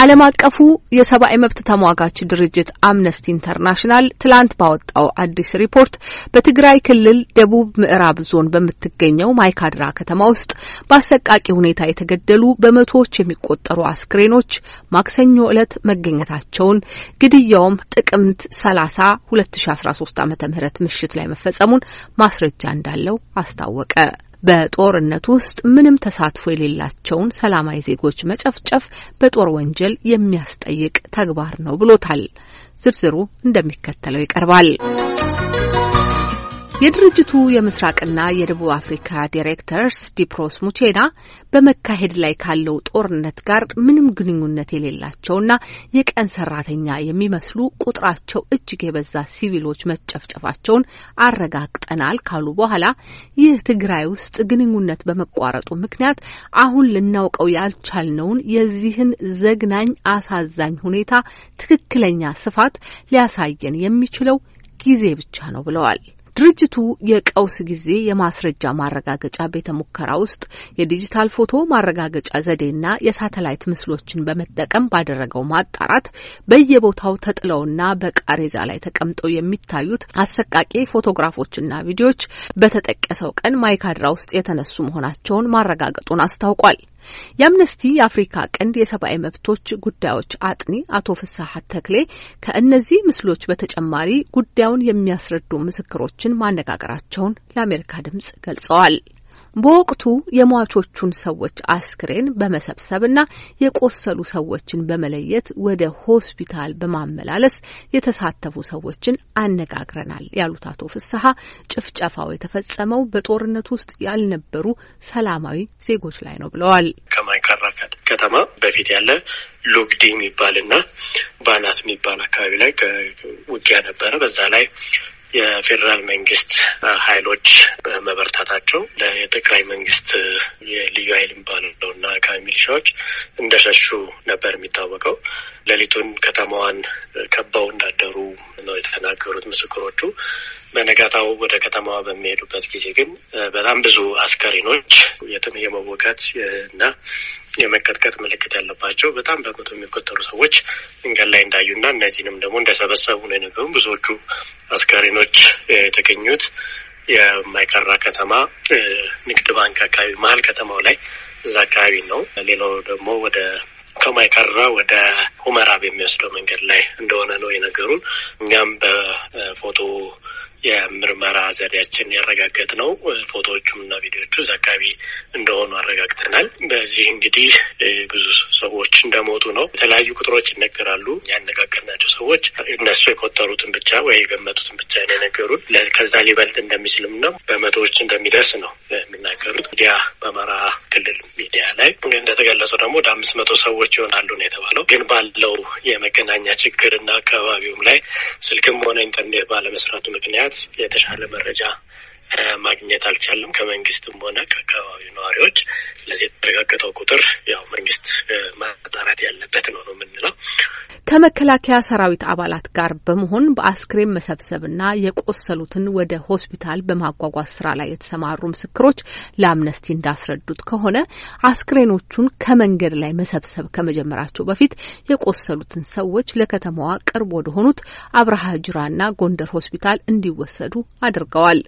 ዓለም አቀፉ የሰብአዊ መብት ተሟጋች ድርጅት አምነስቲ ኢንተርናሽናል ትላንት ባወጣው አዲስ ሪፖርት በትግራይ ክልል ደቡብ ምዕራብ ዞን በምትገኘው ማይካድራ ከተማ ውስጥ በአሰቃቂ ሁኔታ የተገደሉ በመቶዎች የሚቆጠሩ አስክሬኖች ማክሰኞ ዕለት መገኘታቸውን ግድያውም ጥቅምት 30 2013 ም ምሽት ላይ መፈጸሙን ማስረጃ እንዳለው አስታወቀ። በጦርነት ውስጥ ምንም ተሳትፎ የሌላቸውን ሰላማዊ ዜጎች መጨፍጨፍ በጦር ወንጀል የሚያስጠይቅ ተግባር ነው ብሎታል። ዝርዝሩ እንደሚከተለው ይቀርባል። የድርጅቱ የምስራቅና የደቡብ አፍሪካ ዲሬክተርስ ዲፕሮስ ሙቼና በመካሄድ ላይ ካለው ጦርነት ጋር ምንም ግንኙነት የሌላቸውና የቀን ሰራተኛ የሚመስሉ ቁጥራቸው እጅግ የበዛ ሲቪሎች መጨፍጨፋቸውን አረጋግጠናል ካሉ በኋላ ይህ ትግራይ ውስጥ ግንኙነት በመቋረጡ ምክንያት አሁን ልናውቀው ያልቻልነውን የዚህን ዘግናኝ አሳዛኝ ሁኔታ ትክክለኛ ስፋት ሊያሳየን የሚችለው ጊዜ ብቻ ነው ብለዋል። ድርጅቱ የቀውስ ጊዜ የማስረጃ ማረጋገጫ ቤተ ሙከራ ውስጥ የዲጂታል ፎቶ ማረጋገጫ ዘዴና የሳተላይት ምስሎችን በመጠቀም ባደረገው ማጣራት በየቦታው ተጥለውና በቃሬዛ ላይ ተቀምጠው የሚታዩት አሰቃቂ ፎቶግራፎችና ቪዲዮዎች በተጠቀሰው ቀን ማይካድራ ውስጥ የተነሱ መሆናቸውን ማረጋገጡን አስታውቋል። የአምነስቲ የአፍሪካ ቀንድ የሰብአዊ መብቶች ጉዳዮች አጥኒ አቶ ፍስሀት ተክሌ ከእነዚህ ምስሎች በተጨማሪ ጉዳዩን የሚያስረዱ ምስክሮችን ማነጋገራቸውን ለአሜሪካ ድምጽ ገልጸዋል። በወቅቱ የሟቾቹን ሰዎች አስክሬን በመሰብሰብና የቆሰሉ ሰዎችን በመለየት ወደ ሆስፒታል በማመላለስ የተሳተፉ ሰዎችን አነጋግረናል ያሉት አቶ ፍስሀ ጭፍጨፋው የተፈጸመው በጦርነት ውስጥ ያልነበሩ ሰላማዊ ዜጎች ላይ ነው ብለዋል። ከማይካራ ከተማ በፊት ያለ ሎግዴ የሚባልና ባናት የሚባል አካባቢ ላይ ውጊያ ነበረ። በዛ ላይ የፌዴራል መንግስት ኃይሎች በመበርታት ናቸው። ለጠቅላይ መንግስት የልዩ ኃይል የሚባለው እና አካባቢ ሚሊሻዎች እንደሸሹ ነበር የሚታወቀው። ሌሊቱን ከተማዋን ከበው እንዳደሩ ነው የተናገሩት ምስክሮቹ። በነጋታው ወደ ከተማዋ በሚሄዱበት ጊዜ ግን በጣም ብዙ አስከሬኖች የትም የመወጋት እና የመቀጥቀጥ ምልክት ያለባቸው በጣም በመቶ የሚቆጠሩ ሰዎች መንገድ ላይ እንዳዩ እንዳዩና እነዚህንም ደግሞ እንደሰበሰቡ ነው የነገሩ ብዙዎቹ አስከሬኖች የተገኙት የማይካራ ከተማ ንግድ ባንክ አካባቢ መሀል ከተማው ላይ እዛ አካባቢ ነው። ሌላው ደግሞ ወደ ከማይካራ ወደ ሁመራ በሚወስደው መንገድ ላይ እንደሆነ ነው የነገሩን። እኛም በፎቶ የምርመራ ዘዴያችን ያረጋገጥ ነው። ፎቶዎቹም እና ቪዲዮቹ እዛ አካባቢ እንደሆኑ አረጋግጠናል። በዚህ እንግዲህ ብዙ ሰዎች እንደሞቱ ነው የተለያዩ ቁጥሮች ይነገራሉ። ያነጋገርናቸው ሰዎች እነሱ የቆጠሩትን ብቻ ወይ የገመቱትን ብቻ ነው የነገሩን። ከዛ ሊበልጥ እንደሚችልም ነው በመቶዎች እንደሚደርስ ነው የሚናገሩት። ሚዲያ በአማራ ክልል ሚዲያ ላይ እንደተገለጸው ደግሞ ወደ አምስት መቶ ሰዎች ይሆናሉ ነው የተባለው። ግን ባለው የመገናኛ ችግር እና አካባቢውም ላይ ስልክም ሆነ ኢንተርኔት ባለመስራቱ ምክንያት በመረዳት የተሻለ መረጃ ማግኘት አልቻለም ከመንግስትም ሆነ ከአካባቢው ነዋሪዎች። ስለዚህ የተረጋገጠው ቁጥር ያው መንግስት ማጣራት ያለበት ነው ነው የምንለው። ከመከላከያ ሰራዊት አባላት ጋር በመሆን በአስክሬን መሰብሰብና የቆሰሉትን ወደ ሆስፒታል በማጓጓዝ ስራ ላይ የተሰማሩ ምስክሮች ለአምነስቲ እንዳስረዱት ከሆነ አስክሬኖቹን ከመንገድ ላይ መሰብሰብ ከመጀመራቸው በፊት የቆሰሉትን ሰዎች ለከተማዋ ቅርብ ወደሆኑት አብርሃ ጅራና ጎንደር ሆስፒታል እንዲወሰዱ አድርገዋል።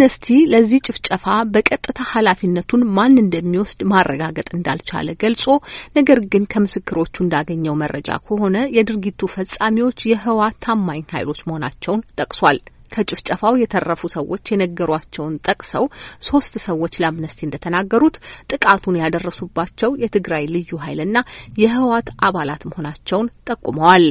አምነስቲ ለዚህ ጭፍጨፋ በቀጥታ ኃላፊነቱን ማን እንደሚወስድ ማረጋገጥ እንዳልቻለ ገልጾ ነገር ግን ከምስክሮቹ እንዳገኘው መረጃ ከሆነ የድርጊቱ ፈጻሚዎች የህወሓት ታማኝ ኃይሎች መሆናቸውን ጠቅሷል። ከጭፍጨፋው የተረፉ ሰዎች የነገሯቸውን ጠቅሰው ሶስት ሰዎች ለአምነስቲ እንደተናገሩት ጥቃቱን ያደረሱባቸው የትግራይ ልዩ ኃይልና የህወሓት አባላት መሆናቸውን ጠቁመዋል።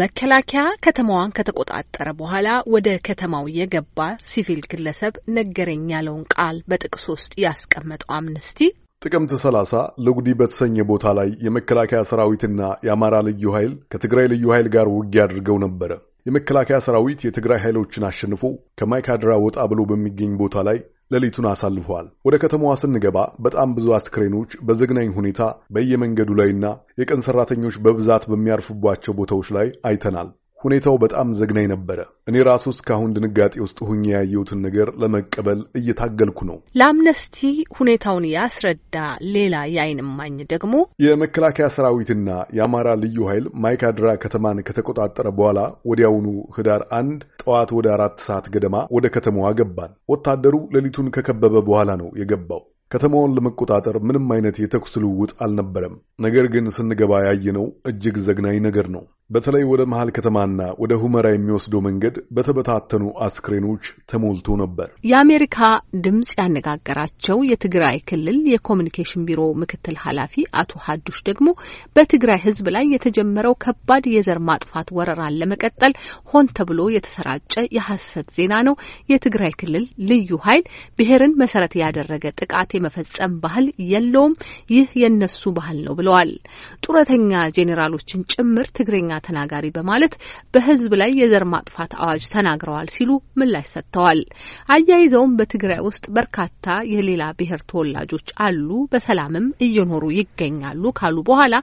መከላከያ ከተማዋን ከተቆጣጠረ በኋላ ወደ ከተማው የገባ ሲቪል ግለሰብ ነገረኝ ያለውን ቃል በጥቅስ ውስጥ ያስቀመጠው አምነስቲ ጥቅምት 30 ልጉዲ በተሰኘ ቦታ ላይ የመከላከያ ሰራዊትና የአማራ ልዩ ኃይል ከትግራይ ልዩ ኃይል ጋር ውጊያ አድርገው ነበረ። የመከላከያ ሰራዊት የትግራይ ኃይሎችን አሸንፎ ከማይካድራ ወጣ ብሎ በሚገኝ ቦታ ላይ ሌሊቱን አሳልፈዋል። ወደ ከተማዋ ስንገባ በጣም ብዙ አስክሬኖች በዘግናኝ ሁኔታ በየመንገዱ ላይና የቀን ሰራተኞች በብዛት በሚያርፉባቸው ቦታዎች ላይ አይተናል። ሁኔታው በጣም ዘግናኝ ነበረ። እኔ ራሱ እስካሁን ድንጋጤ ውስጥ ሁኜ ያየሁትን ነገር ለመቀበል እየታገልኩ ነው። ለአምነስቲ ሁኔታውን ያስረዳ ሌላ የአይን እማኝ ደግሞ የመከላከያ ሰራዊትና የአማራ ልዩ ኃይል ማይካድራ ከተማን ከተቆጣጠረ በኋላ ወዲያውኑ ህዳር አንድ ጠዋት ወደ አራት ሰዓት ገደማ ወደ ከተማዋ ገባን። ወታደሩ ሌሊቱን ከከበበ በኋላ ነው የገባው። ከተማውን ለመቆጣጠር ምንም አይነት የተኩስ ልውውጥ አልነበረም። ነገር ግን ስንገባ ያየነው እጅግ ዘግናኝ ነገር ነው። በተለይ ወደ መሀል ከተማና ወደ ሁመራ የሚወስደው መንገድ በተበታተኑ አስክሬኖች ተሞልቶ ነበር። የአሜሪካ ድምፅ ያነጋገራቸው የትግራይ ክልል የኮሚኒኬሽን ቢሮ ምክትል ኃላፊ አቶ ሀዱሽ ደግሞ በትግራይ ሕዝብ ላይ የተጀመረው ከባድ የዘር ማጥፋት ወረራን ለመቀጠል ሆን ተብሎ የተሰራጨ የሐሰት ዜና ነው። የትግራይ ክልል ልዩ ኃይል ብሔርን መሰረት ያደረገ ጥቃት የመፈጸም ባህል የለውም። ይህ የነሱ ባህል ነው ብለዋል። ጡረተኛ ጄኔራሎችን ጭምር ትግረኛ ተናጋሪ በማለት በህዝብ ላይ የዘር ማጥፋት አዋጅ ተናግረዋል ሲሉ ምላሽ ሰጥተዋል። አያይዘውም በትግራይ ውስጥ በርካታ የሌላ ብሔር ተወላጆች አሉ፣ በሰላምም እየኖሩ ይገኛሉ ካሉ በኋላ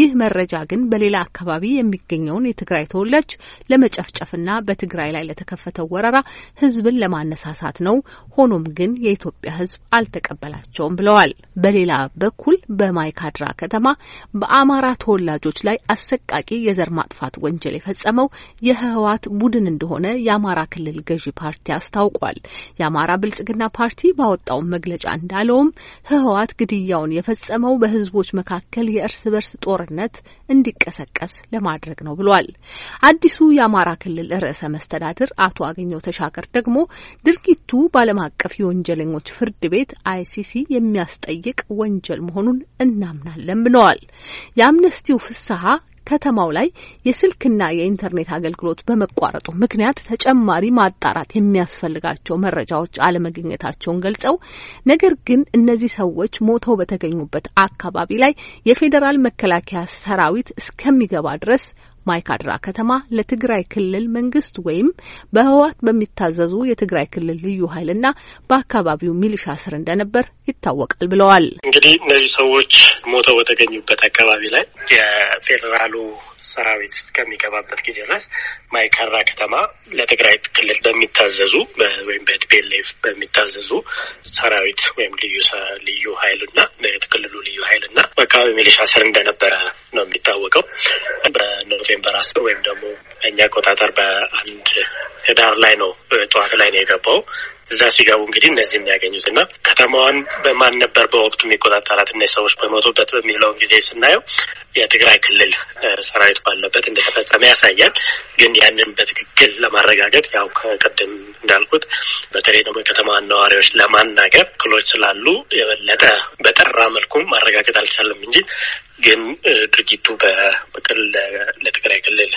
ይህ መረጃ ግን በሌላ አካባቢ የሚገኘውን የትግራይ ተወላጅ ለመጨፍጨፍና በትግራይ ላይ ለተከፈተው ወረራ ህዝብን ለማነሳሳት ነው። ሆኖም ግን የኢትዮጵያ ህዝብ አልተቀበላቸውም ብለዋል። በሌላ በኩል በማይካድራ ከተማ በአማራ ተወላጆች ላይ አሰቃቂ የዘር ማጥፋት ወንጀል የፈጸመው የህወሓት ቡድን እንደሆነ የአማራ ክልል ገዢ ፓርቲ አስታውቋል። የአማራ ብልጽግና ፓርቲ ባወጣው መግለጫ እንዳለውም ህወሓት ግድያውን የፈጸመው በህዝቦች መካከል የእርስ በርስ ጦርነት እንዲቀሰቀስ ለማድረግ ነው ብሏል። አዲሱ የአማራ ክልል ርዕሰ መስተዳድር አቶ አገኘው ተሻገር ደግሞ ድርጊቱ በዓለም አቀፍ የወንጀለኞች ፍርድ ቤት አይሲሲ የሚያስጠይቅ ወንጀል መሆኑን እናምናለን ብለዋል። የአምነስቲው ፍስሀ ከተማው ላይ የስልክና የኢንተርኔት አገልግሎት በመቋረጡ ምክንያት ተጨማሪ ማጣራት የሚያስፈልጋቸው መረጃዎች አለመገኘታቸውን ገልጸው ነገር ግን እነዚህ ሰዎች ሞተው በተገኙበት አካባቢ ላይ የፌዴራል መከላከያ ሰራዊት እስከሚገባ ድረስ ማይካድራ ከተማ ለትግራይ ክልል መንግስት ወይም በህወሓት በሚታዘዙ የትግራይ ክልል ልዩ ኃይልና በአካባቢው ሚሊሻ ስር እንደነበር ይታወቃል ብለዋል። እንግዲህ እነዚህ ሰዎች ሞተው በተገኙበት አካባቢ ላይ የፌዴራሉ ሰራዊት እስከሚገባበት ጊዜ ድረስ ማይካድራ ከተማ ለትግራይ ክልል በሚታዘዙ ወይም በቲፒኤልኤፍ በሚታዘዙ ሰራዊት ወይም ልዩ ልዩ ኃይልና ክልሉ ልዩ ኃይልና በአካባቢ ሚሊሻ ስር እንደነበረ ነው የሚታወቀው። በኖቬምበር አስር ወይም ደግሞ እኛ አቆጣጠር በአንድ ህዳር ላይ ነው ጠዋት ላይ ነው የገባው እዛ ሲገቡ እንግዲህ እነዚህ የሚያገኙት እና ከተማዋን በማን ነበር በወቅቱ የሚቆጣጠራት እና ሰዎች በመቶበት በሚለውን ጊዜ ስናየው የትግራይ ክልል ሰራዊት ባለበት እንደተፈጸመ ያሳያል። ግን ያንን በትክክል ለማረጋገጥ ያው ከቅድም እንዳልኩት በተለይ ደግሞ የከተማዋን ነዋሪዎች ለማናገር ክሎች ስላሉ የበለጠ በጠራ መልኩም ማረጋገጥ አልቻለም እንጂ ግን ድርጊቱ በክልል ለትግራይ ክልል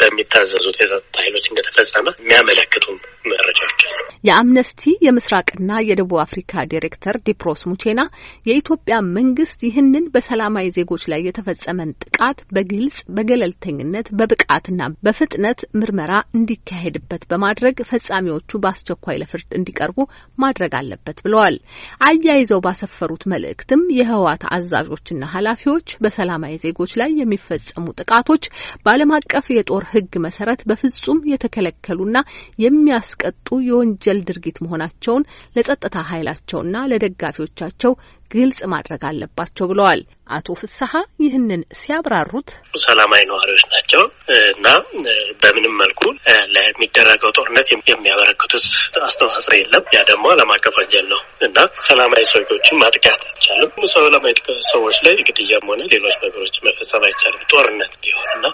በሚታዘዙት የጸጥታ ኃይሎች እንደተፈጸመ የሚያመለክቱም መረጃዎች አሉ። የአምነስቲ የምስራቅና የደቡብ አፍሪካ ዲሬክተር ዲፕሮስ ሙቼና የኢትዮጵያ መንግስት ይህንን በሰላማዊ ዜጎች ላይ የተፈጸመን ጥቃት በግልጽ በገለልተኝነት በብቃትና በፍጥነት ምርመራ እንዲካሄድበት በማድረግ ፈጻሚዎቹ በአስቸኳይ ለፍርድ እንዲቀርቡ ማድረግ አለበት ብለዋል። አያይዘው ባሰፈሩት መልእክትም የህወሓት አዛዦችና ኃላፊዎች በሰላማዊ ዜጎች ላይ የሚፈጸሙ ጥቃቶች በዓለም አቀፍ የጦር ህግ መሰረት በፍጹም የተከለከሉና የሚያስ የሚያስቀጡ የወንጀል ድርጊት መሆናቸውን ለጸጥታ ኃይላቸውና ለደጋፊዎቻቸው ግልጽ ማድረግ አለባቸው ብለዋል። አቶ ፍስሀ ይህንን ሲያብራሩት ሰላማዊ ነዋሪዎች ናቸው እና በምንም መልኩ ለሚደረገው ጦርነት የሚያበረክቱት አስተዋጽኦ የለም። ያ ደግሞ ዓለም አቀፍ ወንጀል ነው እና ሰላማዊ ሰዎችን ማጥቃት አይቻልም። ሰላማዊ ሰዎች ላይ ግድያም ሆነ ሌሎች ነገሮች መፈጸም አይቻልም። ጦርነት ቢሆን እና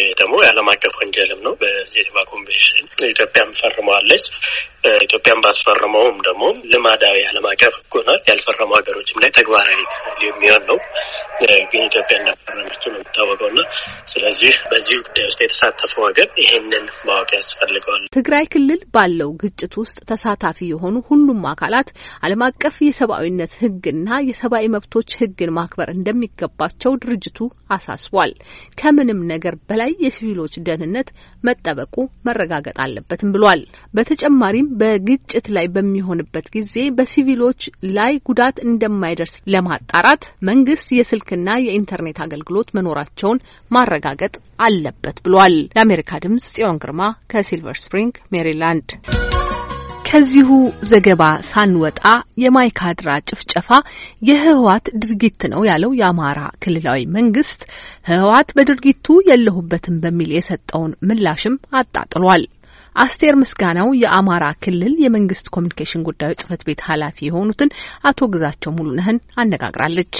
ይህ ደግሞ የዓለም አቀፍ ወንጀልም ነው። በጄኔቫ ኮንቬንሽን ኢትዮጵያም ፈርመዋለች። ኢትዮጵያም ባትፈርመውም ደግሞ ልማዳዊ ዓለም አቀፍ ሕጎናል ያልፈረሙ ሀገሮችም ላይ ተግባራዊ የሚሆን ነው። ግን ኢትዮጵያ እንደፈረመች ነው የሚታወቀው እና ስለዚህ በዚህ ጉዳይ ውስጥ የተሳተፈው ሀገር ይሄንን ማወቅ ያስፈልገዋል። ትግራይ ክልል ባለው ግጭት ውስጥ ተሳታፊ የሆኑ ሁሉም አካላት ዓለም አቀፍ የሰብአዊነት ሕግና የሰብአዊ መብቶች ሕግን ማክበር እንደሚገባቸው ድርጅቱ አሳስቧል። ከምንም ነገር በላይ አጠቃላይ የሲቪሎች ደህንነት መጠበቁ መረጋገጥ አለበትም ብሏል። በተጨማሪም በግጭት ላይ በሚሆንበት ጊዜ በሲቪሎች ላይ ጉዳት እንደማይደርስ ለማጣራት መንግስት የስልክና የኢንተርኔት አገልግሎት መኖራቸውን ማረጋገጥ አለበት ብሏል። ለአሜሪካ ድምጽ ጽዮን ግርማ ከሲልቨር ስፕሪንግ ሜሪላንድ ከዚሁ ዘገባ ሳንወጣ የማይካድራ ጭፍጨፋ የህወሓት ድርጊት ነው ያለው የአማራ ክልላዊ መንግስት ህወሓት በድርጊቱ የለሁበትም በሚል የሰጠውን ምላሽም አጣጥሏል። አስቴር ምስጋናው የአማራ ክልል የመንግስት ኮሚኒኬሽን ጉዳዮች ጽህፈት ቤት ኃላፊ የሆኑትን አቶ ግዛቸው ሙሉነህን አነጋግራለች።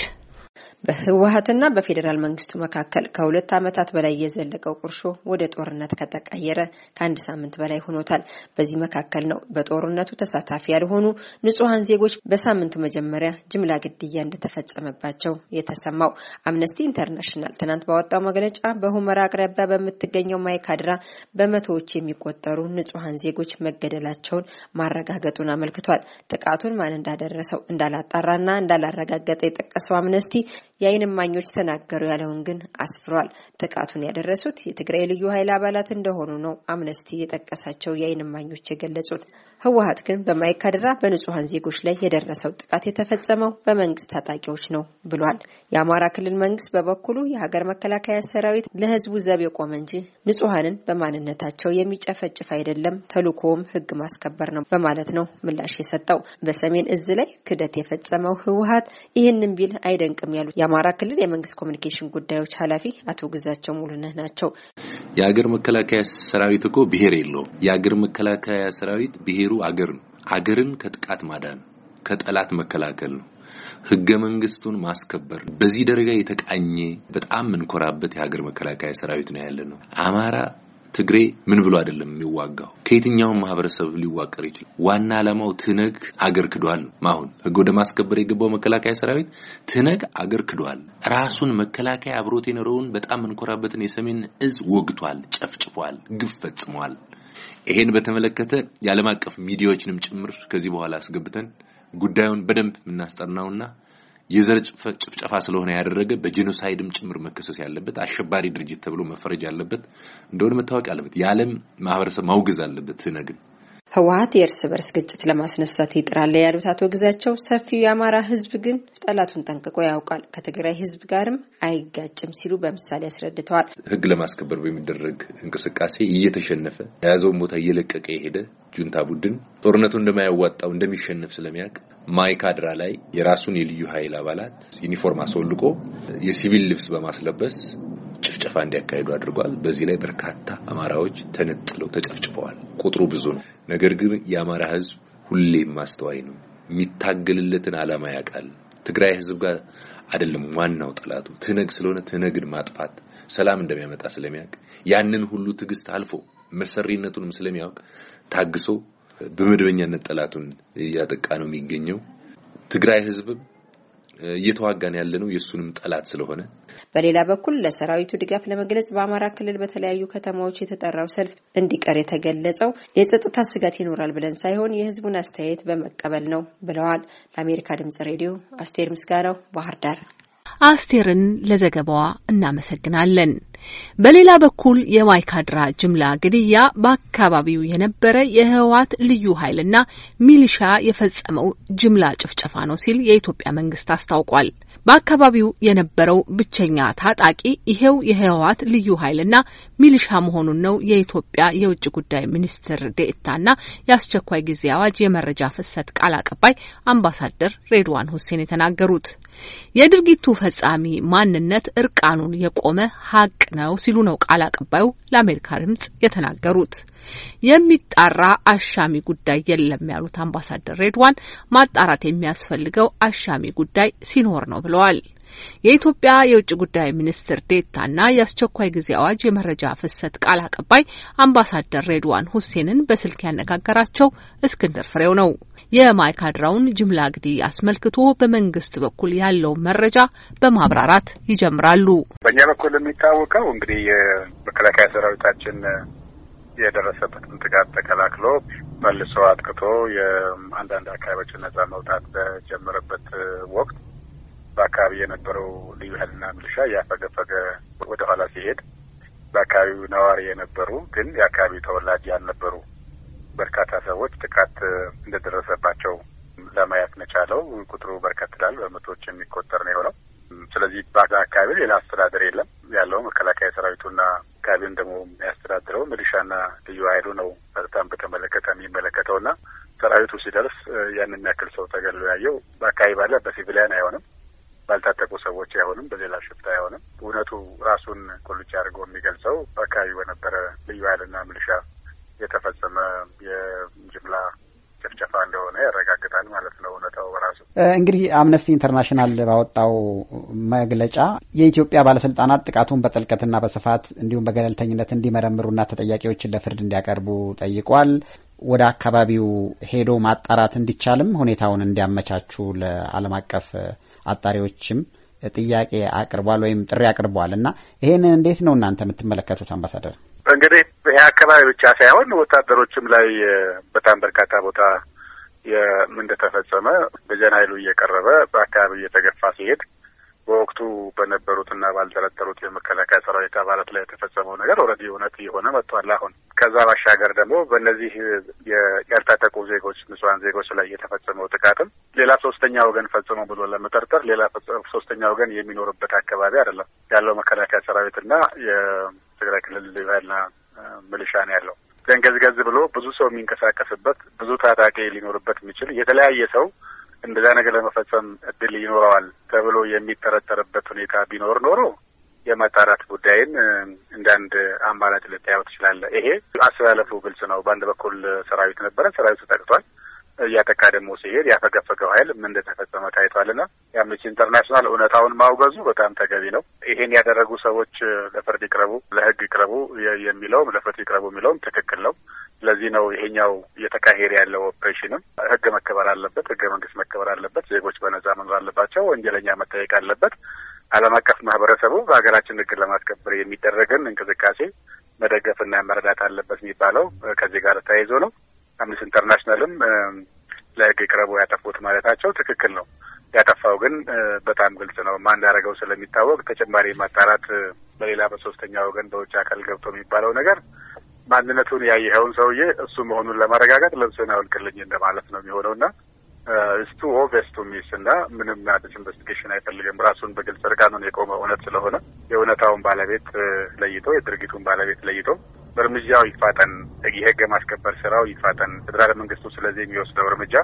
በህወሀትና በፌዴራል መንግስቱ መካከል ከሁለት ዓመታት በላይ የዘለቀው ቁርሾ ወደ ጦርነት ከተቀየረ ከአንድ ሳምንት በላይ ሆኖታል። በዚህ መካከል ነው በጦርነቱ ተሳታፊ ያልሆኑ ንጹሐን ዜጎች በሳምንቱ መጀመሪያ ጅምላ ግድያ እንደተፈጸመባቸው የተሰማው። አምነስቲ ኢንተርናሽናል ትናንት ባወጣው መግለጫ በሁመራ አቅራቢያ በምትገኘው ማይካድራ በመቶዎች የሚቆጠሩ ንጹሐን ዜጎች መገደላቸውን ማረጋገጡን አመልክቷል። ጥቃቱን ማን እንዳደረሰው እንዳላጣራና እንዳላረጋገጠ የጠቀሰው አምነስቲ የዓይን እማኞች ተናገሩ ያለውን ግን አስፍሯል። ጥቃቱን ያደረሱት የትግራይ ልዩ ኃይል አባላት እንደሆኑ ነው አምነስቲ የጠቀሳቸው የዓይን እማኞች የገለጹት። ህወሀት ግን በማይካድራ በንጹሐን ዜጎች ላይ የደረሰው ጥቃት የተፈጸመው በመንግስት ታጣቂዎች ነው ብሏል። የአማራ ክልል መንግስት በበኩሉ የሀገር መከላከያ ሰራዊት ለህዝቡ ዘብ የቆመ እንጂ ንጹሐንን በማንነታቸው የሚጨፈጭፍ አይደለም፣ ተልእኮውም ህግ ማስከበር ነው በማለት ነው ምላሽ የሰጠው። በሰሜን እዝ ላይ ክደት የፈጸመው ህወሀት ይህንን ቢል አይደንቅም ያሉት የአማራ ክልል የመንግስት ኮሚኒኬሽን ጉዳዮች ኃላፊ አቶ ግዛቸው ሙሉነህ ናቸው። የአገር መከላከያ ሰራዊት እኮ ብሄር የለውም። የአገር መከላከያ ሰራዊት ብሄሩ አገር ነው። አገርን ከጥቃት ማዳን ከጠላት መከላከል ነው። ህገ መንግስቱን ማስከበር በዚህ ደረጃ የተቃኘ በጣም የምንኮራበት የሀገር መከላከያ ሰራዊት ነው ያለ ነው። አማራ ትግሬ ምን ብሎ አይደለም የሚዋጋው። ከየትኛውም ማህበረሰብ ሊዋቀር ይችላል። ዋና ዓላማው ትነግ አገር ክዷል አሁን ህግ ወደ ማስከበር የገባው መከላከያ ሰራዊት ትነግ አገር ክዷል። ራሱን መከላከያ አብሮት የኖረውን በጣም እንኮራበትን የሰሜን እዝ ወግቷል፣ ጨፍጭፏል፣ ግፍ ፈጽሟል። ይሄን በተመለከተ የዓለም አቀፍ ሚዲያዎችንም ጭምር ከዚህ በኋላ አስገብተን ጉዳዩን በደንብ የምናስጠናውና የዘር ጭፍጨፋ ስለሆነ ያደረገ በጄኖሳይድም ጭምር መከሰስ ያለበት አሸባሪ ድርጅት ተብሎ መፈረጅ ያለበት እንደሆነ መታወቅ ያለበት የዓለም ማህበረሰብ ማውገዝ አለበት። ነገር ህወሀት የእርስ በርስ ግጭት ለማስነሳት ይጥራል ያሉት አቶ ግዛቸው ሰፊው የአማራ ህዝብ ግን ጠላቱን ጠንቅቆ ያውቃል፣ ከትግራይ ህዝብ ጋርም አይጋጭም ሲሉ በምሳሌ አስረድተዋል። ህግ ለማስከበር በሚደረግ እንቅስቃሴ እየተሸነፈ የያዘውን ቦታ እየለቀቀ የሄደ ጁንታ ቡድን ጦርነቱ እንደማያዋጣው እንደሚሸነፍ ስለሚያውቅ ማይካድራ ላይ የራሱን የልዩ ኃይል አባላት ዩኒፎርም አስወልቆ የሲቪል ልብስ በማስለበስ ጭፍጨፋ እንዲያካሄዱ አድርጓል። በዚህ ላይ በርካታ አማራዎች ተነጥለው ተጨፍጭፈዋል። ቁጥሩ ብዙ ነው። ነገር ግን የአማራ ህዝብ ሁሌም ማስተዋይ ነው። የሚታገልለትን ዓላማ ያውቃል። ትግራይ ህዝብ ጋር አይደለም ዋናው ጠላቱ ትነግ ስለሆነ ትነግን ማጥፋት ሰላም እንደሚያመጣ ስለሚያውቅ ያንን ሁሉ ትዕግስት አልፎ መሰሪነቱንም ስለሚያውቅ ታግሶ በመደበኛነት ጠላቱን እያጠቃ ነው የሚገኘው። ትግራይ ህዝብም እየተዋጋን ነው የእሱንም ጠላት ስለሆነ። በሌላ በኩል ለሰራዊቱ ድጋፍ ለመግለጽ በአማራ ክልል በተለያዩ ከተማዎች የተጠራው ሰልፍ እንዲቀር የተገለጸው የጸጥታ ስጋት ይኖራል ብለን ሳይሆን የህዝቡን አስተያየት በመቀበል ነው ብለዋል። ለአሜሪካ ድምጽ ሬዲዮ አስቴር ምስጋናው ባህር ዳር። አስቴርን ለዘገባዋ እናመሰግናለን። በሌላ በኩል የማይካድራ ጅምላ ግድያ በአካባቢው የነበረ የህወሓት ልዩ ኃይልና ሚሊሻ የፈጸመው ጅምላ ጭፍጨፋ ነው ሲል የኢትዮጵያ መንግስት አስታውቋል። በአካባቢው የነበረው ብቸኛ ታጣቂ ይሄው የህወሓት ልዩ ኃይልና ሚሊሻ መሆኑን ነው የኢትዮጵያ የውጭ ጉዳይ ሚኒስትር ዴኤታና የአስቸኳይ ጊዜ አዋጅ የመረጃ ፍሰት ቃል አቀባይ አምባሳደር ሬድዋን ሁሴን የተናገሩት። የድርጊቱ ፈጻሚ ማንነት እርቃኑን የቆመ ሀቅ ነው ሲሉ ነው ቃል አቀባዩ ለአሜሪካ ድምጽ የተናገሩት። የሚጣራ አሻሚ ጉዳይ የለም ያሉት አምባሳደር ሬድዋን ማጣራት የሚያስፈልገው አሻሚ ጉዳይ ሲኖር ነው ብለዋል። የኢትዮጵያ የውጭ ጉዳይ ሚኒስትር ዴታና የአስቸኳይ ጊዜ አዋጅ የመረጃ ፍሰት ቃል አቀባይ አምባሳደር ሬድዋን ሁሴንን በስልክ ያነጋገራቸው እስክንድር ፍሬው ነው። የማይካድራውን ጅምላ ግድያ አስመልክቶ በመንግስት በኩል ያለው መረጃ በማብራራት ይጀምራሉ። በእኛ በኩል የሚታወቀው እንግዲህ የመከላከያ ሰራዊታችን የደረሰበትን ጥቃት ተከላክሎ መልሶ አጥቅቶ የአንዳንድ አካባቢዎችን ነጻ መውጣት በጀመረበት ወቅት በአካባቢ የነበረው ልዩ ኃይልና ምልሻ ያፈገፈገ ወደ ኋላ ሲሄድ በአካባቢው ነዋሪ የነበሩ ግን የአካባቢው ተወላጅ ያልነበሩ በርካታ ሰዎች ጥቃት እንደደረሰባቸው ለማየት መቻለው። ቁጥሩ በርከት ይላል፣ በመቶዎች የሚቆጠር ነው የሆነው። ስለዚህ በአካባቢ ሌላ አስተዳደር የለም ያለው መከላከያ ሰራዊቱና አካባቢውን ደግሞ የሚያስተዳድረው ሚሊሻና ልዩ ኃይሉ ነው። በጣም በተመለከተ የሚመለከተው እና ሰራዊቱ ሲደርስ ያን የሚያክል ሰው ተገሎ ያየው በአካባቢ ባለ በሲቪሊያን አይሆንም፣ ባልታጠቁ ሰዎች አይሆንም፣ በሌላ ሽፍታ አይሆንም። እውነቱ ራሱን ቁልጭ አድርጎ የሚገልጸው በአካባቢ በነበረ ልዩ ኃይልና ሚሊሻ የተፈጸመ የጅምላ ጭፍጨፋ እንደሆነ ያረጋግጣል ማለት ነው። እውነታው በራሱ እንግዲህ አምነስቲ ኢንተርናሽናል ባወጣው መግለጫ የኢትዮጵያ ባለስልጣናት ጥቃቱን በጥልቀትና በስፋት እንዲሁም በገለልተኝነት እንዲመረምሩና ተጠያቂዎችን ለፍርድ እንዲያቀርቡ ጠይቋል። ወደ አካባቢው ሄዶ ማጣራት እንዲቻልም ሁኔታውን እንዲያመቻቹ ለዓለም አቀፍ አጣሪዎችም ጥያቄ አቅርቧል ወይም ጥሪ አቅርቧል እና ይሄንን እንዴት ነው እናንተ የምትመለከቱት አምባሳደር? እንግዲህ ይህ አካባቢ ብቻ ሳይሆን ወታደሮችም ላይ በጣም በርካታ ቦታ ምን እንደተፈጸመ በጀን ኃይሉ እየቀረበ በአካባቢው እየተገፋ ሲሄድ በወቅቱ በነበሩትና ባልጠረጠሩት የመከላከያ ሰራዊት አባላት ላይ የተፈጸመው ነገር ወረዲ እውነት እየሆነ መጥቷል። አሁን ከዛ ባሻገር ደግሞ በእነዚህ ያልታጠቁ ዜጎች ንጹሐን ዜጎች ላይ የተፈጸመው ጥቃትም ሌላ ሶስተኛ ወገን ፈጽሞ ብሎ ለመጠርጠር ሌላ ሶስተኛ ወገን የሚኖርበት አካባቢ አይደለም ያለው መከላከያ ሰራዊትና ትግራይ ክልል ኃይልና ምልሻ ነው ያለው። ደንገዝገዝ ብሎ ብዙ ሰው የሚንቀሳቀስበት ብዙ ታጣቂ ሊኖርበት የሚችል የተለያየ ሰው እንደዛ ነገር ለመፈጸም እድል ይኖረዋል ተብሎ የሚጠረጠርበት ሁኔታ ቢኖር ኖሮ የማጣራት ጉዳይን አንድ አማራጭ ልታየው ትችላለህ። ይሄ አስተላለፉ ግልጽ ነው። በአንድ በኩል ሰራዊት ነበረ፣ ሰራዊቱ ተጠቅቷል። እያጠቃ ደግሞ ሲሄድ ያፈገፈገው ኃይል ምን እንደተፈጸመ ታይቷልና የአምነስቲ ኢንተርናሽናል እውነታውን ማውገዙ በጣም ተገቢ ነው። ይሄን ያደረጉ ሰዎች ለፍርድ ይቅረቡ፣ ለህግ ይቅረቡ የሚለውም ለፍርድ ይቅረቡ የሚለውም ትክክል ነው። ስለዚህ ነው ይሄኛው እየተካሄደ ያለው ኦፕሬሽንም ህግ መከበር አለበት፣ ህገ መንግስት መከበር አለበት፣ ዜጎች በነጻ መኖር አለባቸው፣ ወንጀለኛ መጠየቅ አለበት። ዓለም አቀፍ ማህበረሰቡ በሀገራችን ህግን ለማስከበር የሚደረግን እንቅስቃሴ መደገፍና መረዳት አለበት የሚባለው ከዚህ ጋር ተያይዞ ነው። አምነስቲ ኢንተርናሽናልም ለህግ ቅረቡ ያጠፉት ማለታቸው ትክክል ነው። ያጠፋው ግን በጣም ግልጽ ነው። ማን እንዳደረገው ስለሚታወቅ ተጨማሪ ማጣራት በሌላ በሶስተኛ ወገን በውጭ አካል ገብቶ የሚባለው ነገር ማንነቱን ያየኸውን ሰውዬ እሱ መሆኑን ለማረጋገጥ ልብስህን አውልቅልኝ እንደማለት ነው የሚሆነው እና እስቱ ኦቨስ ሚስ እና ምንም አዲስ ኢንቨስቲጌሽን አይፈልግም። ራሱን በግልጽ እርቃኑን የቆመ እውነት ስለሆነ የእውነታውን ባለቤት ለይቶ የድርጊቱን ባለቤት ለይቶ እርምጃው ይፋጠን፣ የህግ ማስከበር ስራው ይፋጠን። ፌዴራል መንግስቱ ስለዚህ የሚወስደው እርምጃ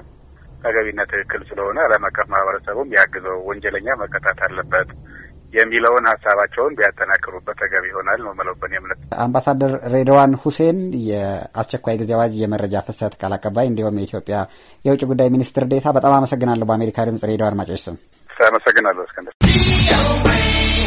ተገቢና ትክክል ስለሆነ ዓለም አቀፍ ማህበረሰቡም ያግዘው፣ ወንጀለኛ መቀጣት አለበት የሚለውን ሀሳባቸውን ቢያጠናክሩበት ተገቢ ይሆናል ነው መለውበን በእኔ አምባሳደር ሬድዋን ሁሴን የአስቸኳይ ጊዜ አዋጅ የመረጃ ፍሰት ቃል አቀባይ እንዲሁም የኢትዮጵያ የውጭ ጉዳይ ሚኒስትር ዴታ በጣም አመሰግናለሁ። በአሜሪካ ድምጽ ሬዲዮ አድማጮች ስም አመሰግናለሁ እስክንድር።